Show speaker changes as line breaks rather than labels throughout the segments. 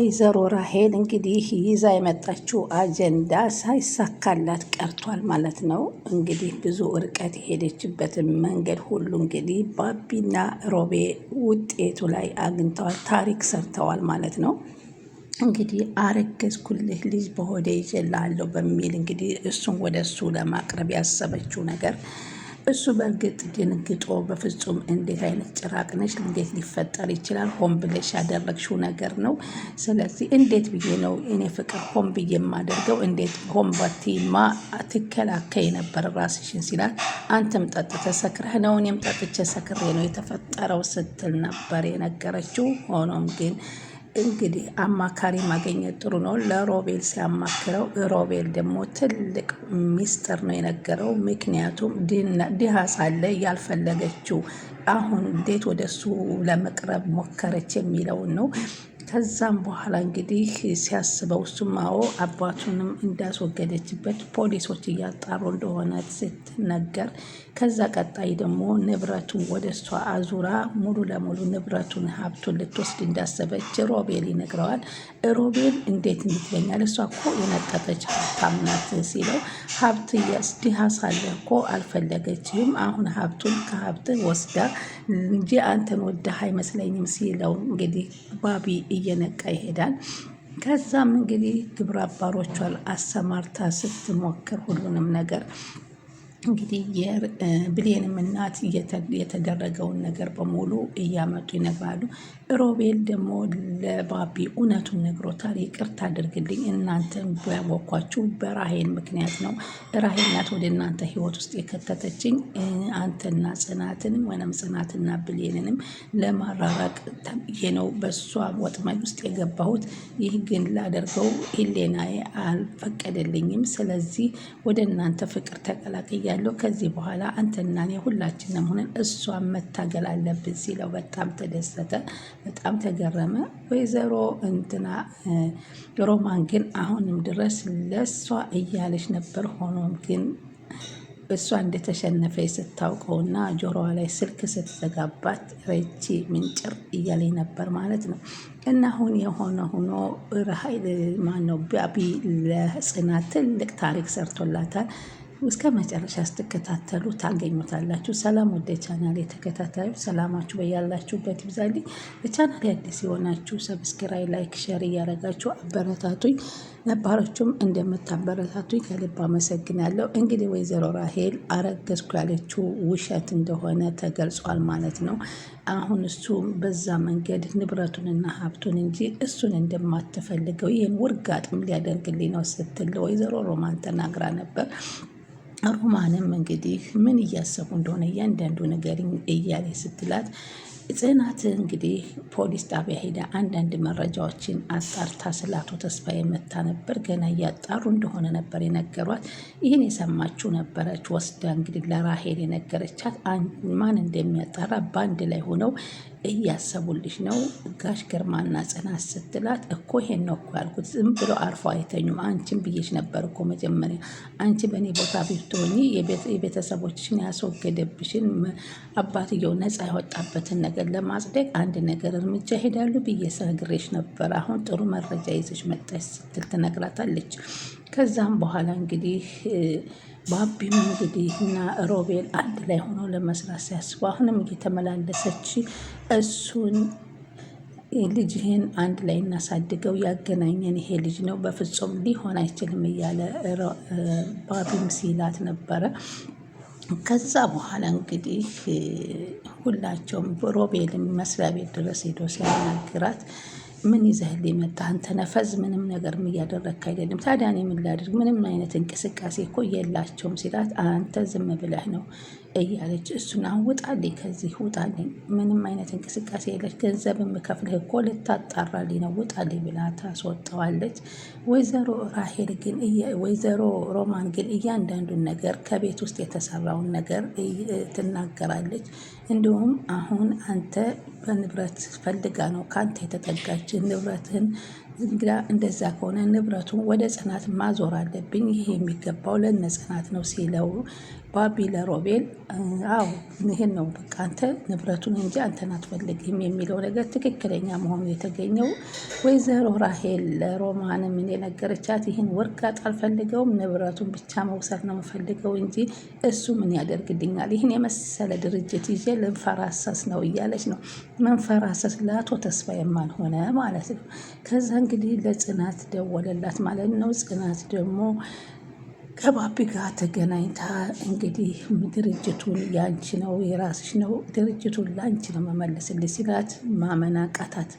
ወይዘሮ ራሄል እንግዲህ ይዛ የመጣችው አጀንዳ ሳይሳካላት ቀርቷል ማለት ነው። እንግዲህ ብዙ እርቀት የሄደችበትን መንገድ ሁሉ እንግዲህ ባቢና ሮቤ ውጤቱ ላይ አግኝተዋል፣ ታሪክ ሰርተዋል ማለት ነው። እንግዲህ አረገዝኩልህ ልጅ በሆዴ ይዤልሃለሁ በሚል እንግዲህ እሱን ወደ እሱ ለማቅረብ ያሰበችው ነገር እሱ በእርግጥ ድንግጦ በፍጹም እንዴት አይነት ጭራቅ ነች? እንዴት ሊፈጠር ይችላል? ሆን ብለሽ ያደረግሽው ነገር ነው። ስለዚህ እንዴት ብዬ ነው እኔ ፍቅር ሆን ብዬ የማደርገው? እንዴት ሆን ባቲማ ትከላከይ የነበር ራስሽን ሲላል፣ አንተም ጠጥተ ሰክረህ ነው እኔም ጠጥቼ ሰክሬ ነው የተፈጠረው ስትል ነበር የነገረችው። ሆኖም ግን እንግዲህ አማካሪ ማግኘት ጥሩ ነው። ለሮቤል ሲያማክረው ሮቤል ደግሞ ትልቅ ሚስጥር ነው የነገረው። ምክንያቱም ድሃ ሳለ ያልፈለገችው አሁን እንዴት ወደሱ ለመቅረብ ሞከረች የሚለውን ነው። ከዛም በኋላ እንግዲህ ሲያስበው እሱም አባቱንም እንዳስወገደችበት ፖሊሶች እያጣሩ እንደሆነ ስትነገር ከዛ ቀጣይ ደግሞ ንብረቱን ወደ እሷ አዙራ ሙሉ ለሙሉ ንብረቱን ሀብቱን ልትወስድ እንዳሰበች ሮቤል ይነግረዋል። ሮቤል እንዴት እንትለኛል እሷ ኮ የነጠቀች ሀብታም ናት ሲለው ሀብት ድሃ ሳለ ኮ አልፈለገችም። አሁን ሀብቱን ከሀብት ወስዳ እንጂ አንተን ወደህ አይመስለኝም ሲለው እንግዲህ ባቢ እየነቃ ይሄዳል። ከዛም እንግዲህ ግብረ አባሮቿን አሰማርታ ስትሞክር ሁሉንም ነገር እንግዲህ የብሌንም እናት የተደረገውን ነገር በሙሉ እያመጡ ይነግራሉ። ሮቤል ደግሞ ለባቢ እውነቱን ነግሮታል። ይቅርታ አድርግልኝ፣ እናንተን ያወኳችሁ በራሄን ምክንያት ነው። ራሄል ናት ወደ እናንተ ህይወት ውስጥ የከተተችኝ። አንተና ጽናትንም ወይም ጽናትና ብሌንንም ለማራራቅ ተብዬ ነው በእሷ ወጥመድ ውስጥ የገባሁት። ይህ ግን ላደርገው ሄሌናዬ አልፈቀደልኝም። ስለዚህ ወደ እናንተ ፍቅር ተቀላቀየ ብያለሁ። ከዚህ በኋላ አንተና እኔ ሁላችንም ሆነን እሷን መታገል አለብን ሲለው በጣም ተደሰተ፣ በጣም ተገረመ። ወይዘሮ እንትና ሮማን ግን አሁንም ድረስ ለእሷ እያለች ነበር። ሆኖም ግን እሷ እንደተሸነፈ ስታውቀውና ጆሮዋ ላይ ስልክ ስትዘጋባት ረቺ ምንጭር እያለኝ ነበር ማለት ነው። እና አሁን የሆነ ሆኖ ረሀይል ማነው ቢ ለጽናት ትልቅ ታሪክ ሰርቶላታል። እስከ መጨረሻ ስትከታተሉ ታገኙታላችሁ። ሰላም ወደ ቻናል የተከታታዩ ሰላማችሁ በያላችሁበት ይብዛልኝ። በቻናል አዲስ የሆናችሁ ሰብስክራይ፣ ላይክ፣ ሸር እያደረጋችሁ አበረታቱኝ። ነባሮቹም እንደምታበረታቱኝ ከልብ አመሰግናለሁ። እንግዲህ ወይዘሮ ራሄል አረገዝኩ ያለችው ውሸት እንደሆነ ተገልጿል ማለት ነው። አሁን እሱ በዛ መንገድ ንብረቱንና ሀብቱን እንጂ እሱን እንደማትፈልገው ይህን ውርጋጥም ሊያደርግልኝ ነው ስትል ወይዘሮ ሮማን ተናግራ ነበር። ሮማንም እንግዲህ ምን እያሰቡ እንደሆነ እያንዳንዱ ነገር እያለ ስትላት ጽናት እንግዲህ ፖሊስ ጣቢያ ሄደ አንዳንድ መረጃዎችን አጣርታ ስለ አቶ የመታ ነበር። ገና እያጣሩ እንደሆነ ነበር የነገሯት። ይህን የሰማችው ነበረች። ወስዳ እንግዲህ ለራሄል የነገረቻት ማን እንደሚያጣራ በአንድ ላይ ሆነው እያሰቡልሽ ነው ጋሽ ግርማና ጽናት ስትላት፣ እኮ ይሄን ነው እኮ ያልኩት። ዝም ብሎ አርፎ አይተኙም። አንቺን ብዬሽ ነበር እኮ መጀመሪያ። አንቺ በእኔ ቦታ ብትሆኚ የቤተሰቦችን ያስወገደብሽን አባትየው ነፃ ያወጣበትን ነገር ለማጽደቅ አንድ ነገር እርምጃ ሄዳሉ ብዬ ሰግሬሽ ነበር። አሁን ጥሩ መረጃ ይዘሽ መጣሽ ስትል ትነግራታለች። ከዛም በኋላ እንግዲህ ባቢም እንግዲህ እና ሮቤል አንድ ላይ ሆኖ ለመስራት ሲያስቡ አሁንም እየተመላለሰች እሱን ልጅህን አንድ ላይ እናሳድገው ያገናኘን ይሄ ልጅ ነው፣ በፍጹም ሊሆን አይችልም እያለ ባቢም ሲላት ነበረ። ከዛ በኋላ እንግዲህ ሁላቸውም ሮቤልም መስሪያ ቤት ድረስ ሄዶ ሲያናግራት ምን ይዘህል መጣህ? አንተ ነፈዝ ምንም ነገር እያደረግክ አይደለም። ታዲያ እኔ ምን ላድርግ? ምንም አይነት እንቅስቃሴ እኮ የላቸውም ሲላት አንተ ዝም ብለህ ነው እያለች እሱን አውጣልኝ፣ ከዚህ ውጣልኝ፣ ምንም አይነት እንቅስቃሴ የለች፣ ገንዘብ የምከፍልህ እኮ ልታጣራልኝ ነው፣ ውጣልኝ ብላ ታስወጠዋለች። ወይዘሮ ራሄል ግን ወይዘሮ ሮማን ግን እያንዳንዱን ነገር ከቤት ውስጥ የተሰራውን ነገር ትናገራለች። እንዲሁም አሁን አንተ በንብረት ፈልጋ ነው ከአንተ የተጠጋች ንብረትህን እንግዳ እንደዛ ከሆነ ንብረቱን ወደ ጽናት ማዞር አለብኝ። ይህ የሚገባው ለነ ጽናት ነው ሲለው ባቢ ለሮቤል አዎ ይሄን ነው በቃ አንተ ንብረቱን እንጂ አንተን አትፈልግም የሚለው ነገር ትክክለኛ መሆኑ የተገኘው ወይዘሮ ራሄል ምን የነገረቻት ይህን ወርቅ አልፈልገውም፣ ንብረቱን ብቻ መውሰድ ነው የምፈልገው እንጂ እሱ ምን ያደርግልኛል? ይህን የመሰለ ድርጅት ይዤ ልንፈራሰስ ነው እያለች ነው መንፈራሰስ ለአቶ ተስፋ ሆነ ማለት ነው። ከዛ እንግዲህ ለጽናት ደወለላት ማለት ነው። ጽናት ደግሞ ከባቢ ጋር ተገናኝታ እንግዲህ ድርጅቱን ያንቺ ነው የራስሽ ነው ድርጅቱን ለአንቺ ነው መመለስልሽ ሲላት ማመን አቃታት።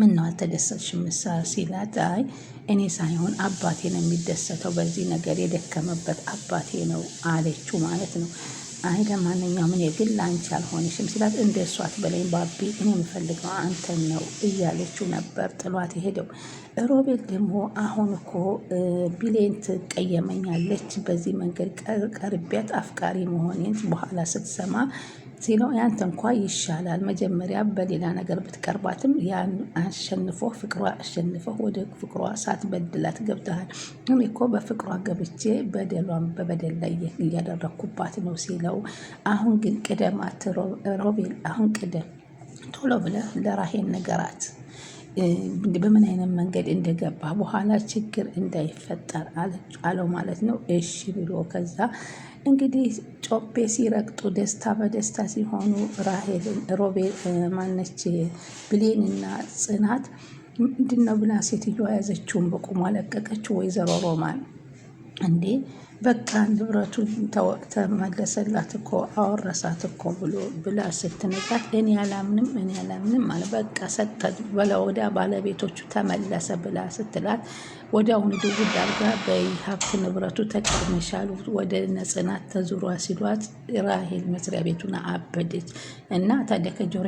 ምን ነው አልተደሰትሽም? ምሳ ሲላት አይ እኔ ሳይሆን አባቴ ነው የሚደሰተው በዚህ ነገር የደከመበት አባቴ ነው አለችው ማለት ነው። አይ ለማንኛውም እኔ ግን ለአንቺ አልሆንሽም ሲላት፣ እንደ እሷ አትበለኝ ባቢ፣ እኔ የምፈልገው አንተን ነው እያለችው ነበር ጥሏት የሄደው። ሮቤል ደግሞ አሁን እኮ ቢሌን ትቀየመኛለች በዚህ መንገድ ቀርቢያት አፍቃሪ መሆኔን በኋላ ስትሰማ ሲለው ያንተ እንኳ ይሻላል መጀመሪያ በሌላ ነገር ብትቀርባትም ያን አሸንፎ ፍቅሯ አሸንፎ ወደ ፍቅሯ ሳትበድላት ገብተሃል። እኔ እኮ በፍቅሯ ገብቼ በደሏን በበደል ላይ እያደረግኩባት ነው ሲለው፣ አሁን ግን ቅደማት ሮቤል፣ አሁን ቅደም ቶሎ ብለህ ለራሄን ነገራት በምን አይነት መንገድ እንደገባ በኋላ ችግር እንዳይፈጠር አለው ማለት ነው። እሺ ብሎ ከዛ እንግዲህ ጮቤ ሲረግጡ ደስታ በደስታ ሲሆኑ ራሄል ሮቤ ማነች ብሌንና ጽናት ምንድን ነው ብላ ሴትዮዋ ያዘችውን በቁሟ ለቀቀችው ወይዘሮ ሮማን እንዴ በቃ ንብረቱን ተመለሰላት እኮ አወረሳት እኮ ብሎ ብላ ስትነጋት እኔ አላምንም እኔ አላምንም አለ። በቃ ሰጠት በላ ወዲያ ባለቤቶቹ ተመለሰ ብላ ስትላት ወዲያውኑ ድውድ አድርጋ በይ ሀብት ንብረቱ ተቀምሻል ወደ ነጽናት ተዙሯ ሲሏት ራሄል መስሪያ ቤቱን አበደች እና ታዲያ ከጆሮ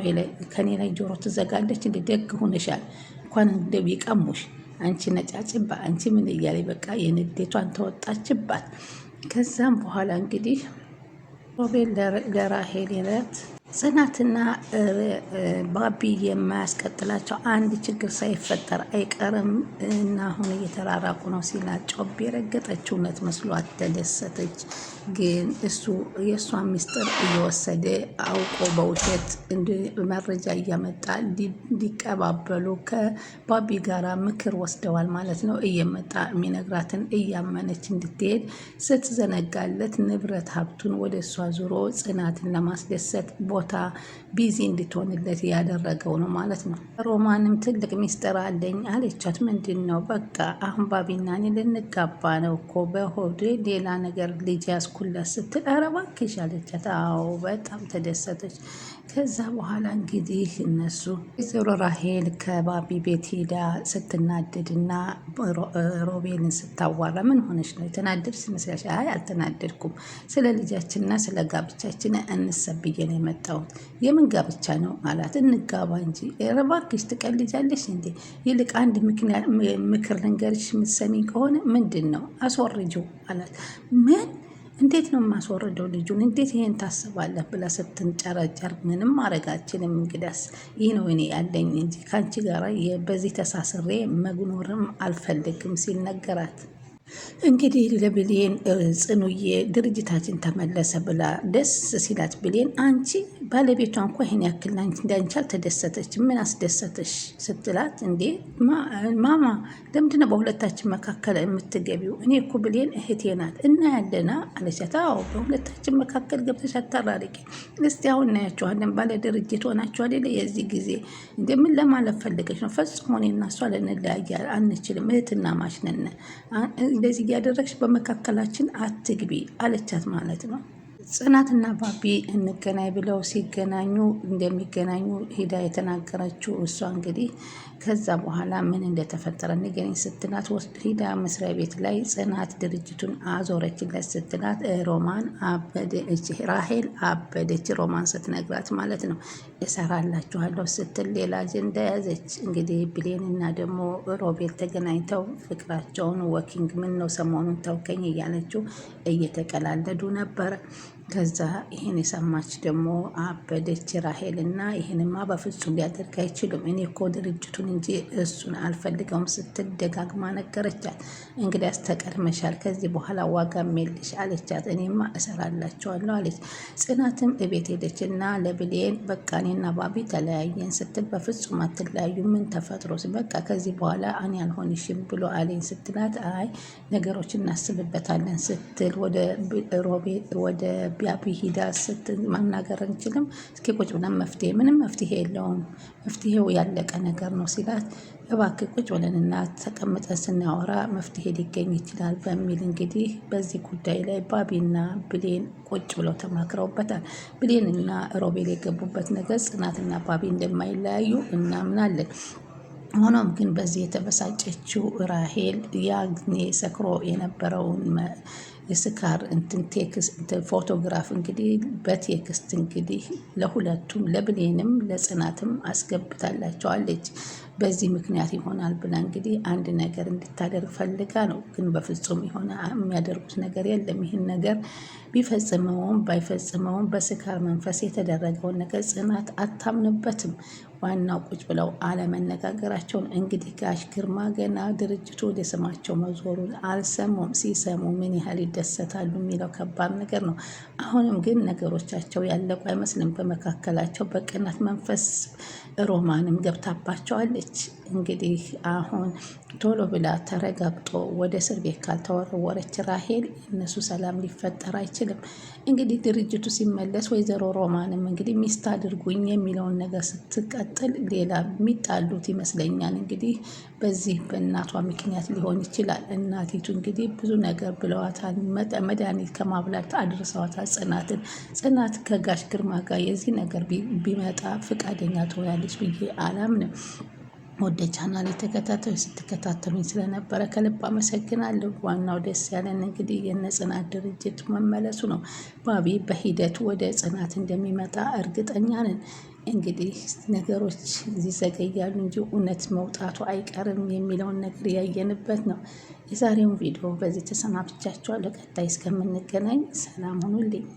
ከኔ ላይ ጆሮ ትዘጋለች። እንደ ደግ ሆነሻል እንኳን እንደው ይቀሙሽ አንቺ ነጫጭባ፣ አንቺ ምን እያለ በቃ የንዴቷን ተወጣችባት። ከዛም በኋላ እንግዲህ ሮቤል ለራሄል ለት ጽናትና ባቢ የማያስቀጥላቸው አንድ ችግር ሳይፈጠር አይቀርም እና አሁን እየተራራቁ ነው ሲላት ጮቤ የረገጠችው እውነት መስሏት ተደሰተች። ግን እሱ የእሷ ሚስጥር እየወሰደ አውቆ በውሸት መረጃ እያመጣ እንዲቀባበሉ ከባቢ ጋራ ምክር ወስደዋል ማለት ነው። እየመጣ የሚነግራትን እያመነች እንድትሄድ ስትዘነጋለት ንብረት ሀብቱን ወደ እሷ ዙሮ ጽናትን ለማስደሰት ቦታ ቢዚ እንድትሆንለት ያደረገው ነው ማለት ነው። ሮማንም ትልቅ ሚስጥር አለኝ አለቻት። ምንድን ነው? በቃ አሁን ባቢና እኔ ልንጋባ ነው እኮ በሆዴ ሌላ ነገር ልጅ ያስኩላት ስትል ኧረ እባክሽ አለቻት። አዎ በጣም ተደሰተች። ከዛ በኋላ እንግዲህ እነሱ ወይዘሮ ራሄል ከባቢ ቤት ሄዳ ስትናደድና ሮቤልን ስታዋራ ምን ሆነች ነው የተናደድ መስለሽ? አይ አልተናደድኩም፣ ስለ ልጃችንና ስለ ጋብቻችን እንሰብዬ ነው የመጣሁት። የምን ጋብቻ ነው አላት። እንጋባ እንጂ እባክሽ ትቀልጃለሽ እንዴ? ይልቅ አንድ ምክር ልንገርሽ፣ የምትሰሚኝ ከሆነ ምንድን ነው አስወርጂው አላት። ምን እንዴት ነው የማስወርደው ልጁን እንዴት ይሄን ታስባለህ ብላ ስትንጨረጨር ምንም ማድረግ አልችልም። እንግዳስ ይህ ነው እኔ ያለኝ እንጂ ከአንቺ ጋር በዚህ ተሳስሬ መግኖርም አልፈልግም ሲል ነገራት። እንግዲህ ለብሌን ጽኑዬ ድርጅታችን ተመለሰ ብላ ደስ ሲላት ብሌን አንቺ ባለቤቷ እንኳ ይህን ያክል እንዳንቻል ተደሰተች። ምን አስደሰተሽ? ስትላት እንዴ ማማ ለምንድን ነው በሁለታችን መካከል የምትገቢው? እኔ እኮ ብሌን እህቴ ናት እና ያለና አለቻት። አዎ በሁለታችን መካከል ገብተሽ አታራርቂ። እስቲ አሁን እናያቸዋለን። ባለ ድርጅት ሆናቸዋል ሌለ የዚህ ጊዜ ምን ለማለት ፈልገች ነው። ፈጽሞ እኔና እሷ ልንለያይ አንችልም። እህትና ማሽነነ እንደዚህ እያደረግሽ በመካከላችን አትግቢ አለቻት ማለት ነው። ጽናትና ባቢ እንገናኝ ብለው ሲገናኙ እንደሚገናኙ ሄዳ የተናገረችው እሷ እንግዲህ ከዛ በኋላ ምን እንደተፈጠረ ንገረኝ ስትላት ሄዳ መስሪያ ቤት ላይ ጽናት ድርጅቱን አዞረችለት ስትላት ሮማን አበደች፣ ራሄል አበደች ሮማን ስትነግራት ማለት ነው። እሰራላችኋለሁ ስትል ሌላ አጀንዳ ያዘች። እንግዲህ ብሌን እና ደግሞ ሮቤል ተገናኝተው ፍቅራቸውን ወኪንግ ምን ነው ሰሞኑን ተውከኝ እያለችው እየተቀላለዱ ነበር። ከዛ ይህን የሰማች ደግሞ አበደች ራሄል እና ይህንማ በፍጹም ሊያደርግ አይችሉም እኔ እኮ ድርጅቱን እንጂ እሱን አልፈልገውም ስትል ደጋግማ ነገረቻት። እንግዲያስ ተቀድመሻል፣ ከዚህ በኋላ ዋጋ ሜልሽ አለቻት። እኔማ እሰራላቸዋለሁ አለች። ጽናትም እቤት ሄደች እና ለብሌን በቃ እኔና ባቢ ተለያየን ስትል በፍጹም አትለያዩ፣ ምን ተፈጥሮ በቃ ከዚህ በኋላ እኔ አልሆንሽም ብሎ አለኝ ስትላት አይ ነገሮች እናስብበታለን ስትል ወደ አብይ ሂዳ ስትል ማናገር አንችልም። እስኪ ቁጭ ብለን መፍትሄ ምንም መፍትሄ የለውም መፍትሄው ያለቀ ነገር ነው ሲላት እባክህ ቁጭ ብለን እና ተቀምጠን ስናወራ መፍትሄ ሊገኝ ይችላል በሚል እንግዲህ በዚህ ጉዳይ ላይ ባቢና ብሌን ቁጭ ብለው ተማክረውበታል። ብሌንና ሮቤል የገቡበት ነገር ጽናትና ባቢ እንደማይለያዩ እናምናለን። ሆኖም ግን በዚህ የተበሳጨችው ራሄል ያግኔ ሰክሮ የነበረውን የስካር እንትን ቴክስት እንትን ፎቶግራፍ እንግዲህ በቴክስት እንግዲህ ለሁለቱም ለብሌንም ለጽናትም አስገብታላቸዋለች። በዚህ ምክንያት ይሆናል ብላ እንግዲህ አንድ ነገር እንድታደርግ ፈልጋ ነው። ግን በፍጹም የሆነ የሚያደርጉት ነገር የለም። ይህን ነገር ቢፈጽመውም ባይፈጽመውም በስካር መንፈስ የተደረገውን ነገር ጽናት አታምንበትም። ዋናው ቁጭ ብለው አለመነጋገራቸውን። እንግዲህ ጋሽ ግርማ ገና ድርጅቱ ወደ ስማቸው መዞሩን አልሰሙም። ሲሰሙ ምን ያህል ይደሰታሉ የሚለው ከባድ ነገር ነው። አሁንም ግን ነገሮቻቸው ያለቁ አይመስልም። በመካከላቸው በቅናት መንፈስ ሮማንም ገብታባቸዋለች። እንግዲህ አሁን ቶሎ ብላ ተረጋግጦ ወደ እስር ቤት ካልተወረወረች ራሄል እነሱ ሰላም ሊፈጠር አይችልም። አልችልም። እንግዲህ ድርጅቱ ሲመለስ ወይዘሮ ሮማንም እንግዲህ ሚስት አድርጉኝ የሚለውን ነገር ስትቀጥል ሌላ የሚጣሉት ይመስለኛል። እንግዲህ በዚህ በእናቷ ምክንያት ሊሆን ይችላል። እናቲቱ እንግዲህ ብዙ ነገር ብለዋታል። መድኃኒት ከማብላት አድርሰዋታል ጽናትን። ጽናት ከጋሽ ግርማ ጋር የዚህ ነገር ቢመጣ ፈቃደኛ ትሆናለች ብዬ አላምንም። ወደ ቻናል የተከታተሉ ስትከታተሉኝ ስለነበረ ከልብ አመሰግናለሁ። ዋናው ደስ ያለን እንግዲህ የነ ጽናት ድርጅት መመለሱ ነው። ባቢ በሂደቱ ወደ ጽናት እንደሚመጣ እርግጠኛ ነን። እንግዲህ ነገሮች ይዘገያሉ እንጂ እውነት መውጣቱ አይቀርም የሚለውን ነገር ያየንበት ነው። የዛሬውን ቪዲዮ በዚህ ተሰናብቻችኋለሁ። ቀጣይ እስከምንገናኝ ሰላም ሁኑልኝ።